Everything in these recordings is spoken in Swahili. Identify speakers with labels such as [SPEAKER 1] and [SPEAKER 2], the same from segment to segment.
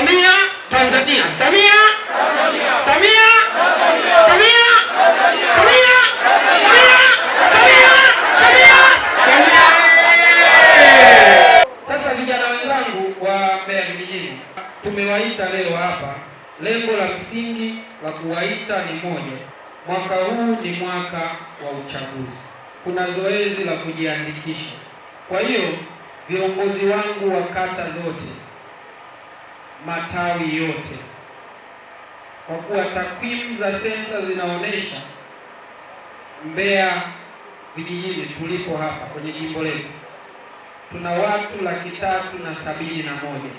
[SPEAKER 1] Samia Tanzania, Samia Samia Samia Samia Samia
[SPEAKER 2] Samia Samia.
[SPEAKER 1] Sasa vijana wenzangu wa Mbeya vijijini, tumewaita leo hapa, lengo la msingi la kuwaita ni moja. Mwaka huu ni mwaka wa uchaguzi, kuna zoezi la kujiandikisha. Kwa hiyo viongozi wangu wa kata zote matawi yote, kwa kuwa takwimu za sensa zinaonyesha Mbeya vijijini tulipo hapa kwenye jimbo letu tuna watu laki tatu na sabini na moja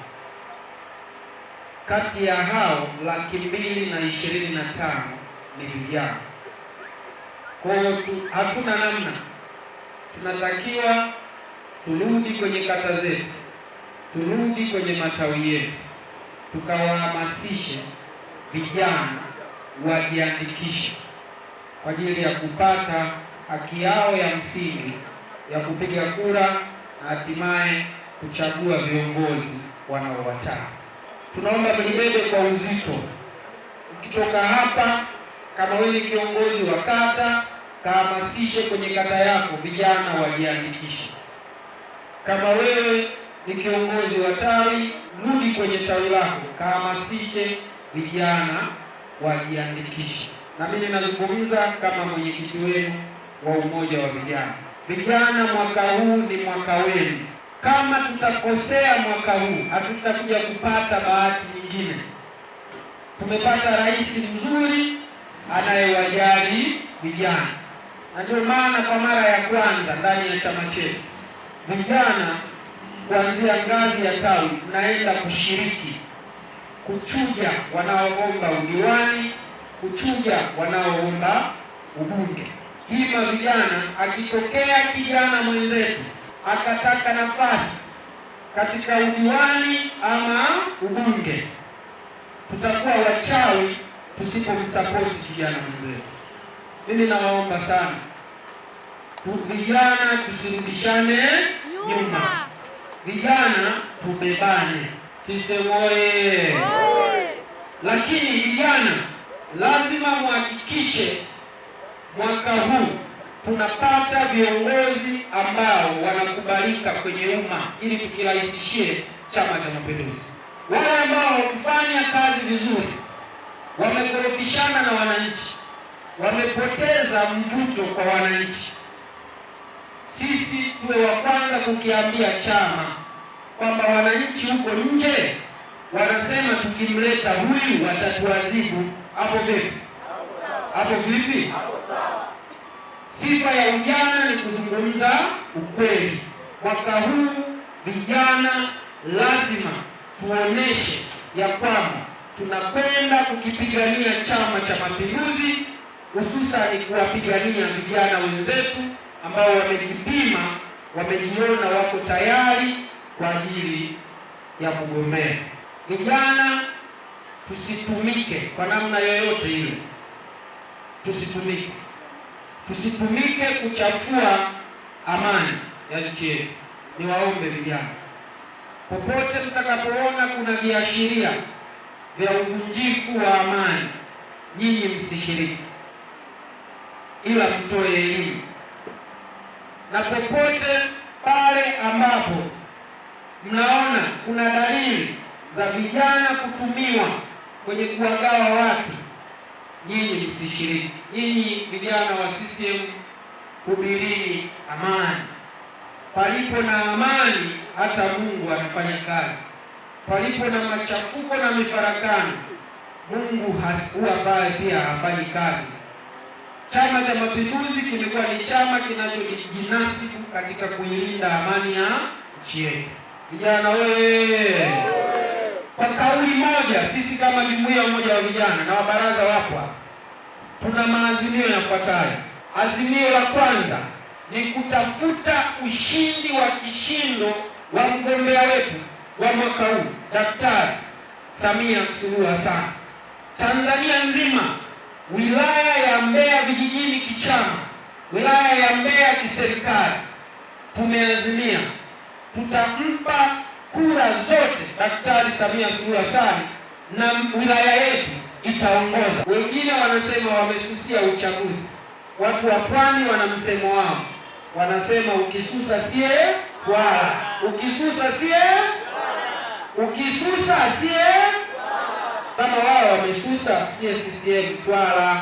[SPEAKER 1] kati ya hao laki mbili na ishirini na tano ni vijana. Kwa hiyo hatuna namna, tunatakiwa turudi kwenye kata zetu, turudi kwenye matawi yetu tukawahamasishe vijana wajiandikishe kwa ajili ya kupata haki yao ya msingi ya kupiga kura na hatimaye kuchagua viongozi wanaowataka. Tunaomba tulibebe kwa uzito. Ukitoka hapa, kama wewe ni kiongozi wa kata, kahamasishe kwenye kata yako vijana wajiandikishe. Kama wewe ni kiongozi wa tawi, rudi kwenye tawi lako, kahamasishe vijana wajiandikishe. Na mimi ninazungumza kama mwenyekiti wenu wa umoja wa vijana. Vijana, mwaka huu ni mwaka wenu. Kama tutakosea mwaka huu, hatutakuja kupata bahati nyingine. Tumepata rais mzuri anayewajali vijana, na ndio maana kwa mara ya kwanza ndani ya chama chetu vijana kuanzia ngazi ya tawi mnaenda kushiriki kuchuja wanaoomba udiwani, kuchuja wanaoomba ubunge. Hima vijana, akitokea kijana mwenzetu akataka nafasi katika udiwani ama ubunge, tutakuwa wachawi tusipomsapoti kijana mwenzetu. Mimi nawaomba sana tu vijana, tusirudishane nyuma vijana tubebane, sisi oye! Lakini vijana lazima muhakikishe mwaka huu tunapata viongozi ambao wanakubalika kwenye umma, ili tukirahisishie Chama cha Mapinduzi. Wale ambao wamefanya kazi vizuri, wamekorofishana na wananchi, wamepoteza mvuto kwa wananchi sisi tuwe wa kwanza kukiambia chama kwamba wananchi huko nje wanasema tukimleta huyu watatuadhibu. Hapo vipi? Hapo vipi? Sifa ya ujana ni kuzungumza ukweli. Mwaka huu vijana lazima tuoneshe ya kwamba tunakwenda kukipigania Chama cha Mapinduzi, hususani kuwapigania vijana wenzetu ambao wamejipima, wamejiona wako tayari kwa ajili ya kugombea. Vijana tusitumike kwa namna yoyote ile, tusitumike, tusitumike kuchafua amani ya nchi yetu. Niwaombe vijana, popote mtakapoona kuna viashiria vya uvunjifu wa amani, nyinyi msishiriki, ila mtoe elimu na popote pale ambapo mnaona kuna dalili za vijana kutumiwa kwenye kuwagawa watu, nyinyi msishiriki. Nyinyi vijana wa CCM hubirini amani. Palipo na amani, hata Mungu anafanya kazi. Palipo na machafuko na mifarakano, Mungu huwa pale pia hafanyi kazi. Chama cha Mapinduzi kimekuwa ni chama kinachojinasibu katika kuilinda amani ya nchi yetu. Vijana wewe, kwa kauli moja, sisi kama jumuiya umoja wa vijana na wabaraza wapwa tuna maazimio yafuatayo. Azimio la kwanza ni kutafuta ushindi wa kishindo wa mgombea wetu wa mwaka huu Daktari Samia Suluhu Hassan, Tanzania nzima wilaya chama wilaya ya Mbeya kiserikali tumeazimia tutampa kura zote Daktari Samia Suluhu Hassan na wilaya yetu itaongoza. Wengine wanasema wamesusia uchaguzi. Watu wa pwani wana msemo wao, wanasema ukisusa sie twala, ukisusa sie, ukisusa sie. Kama wao wamesusa, sie CCM twala.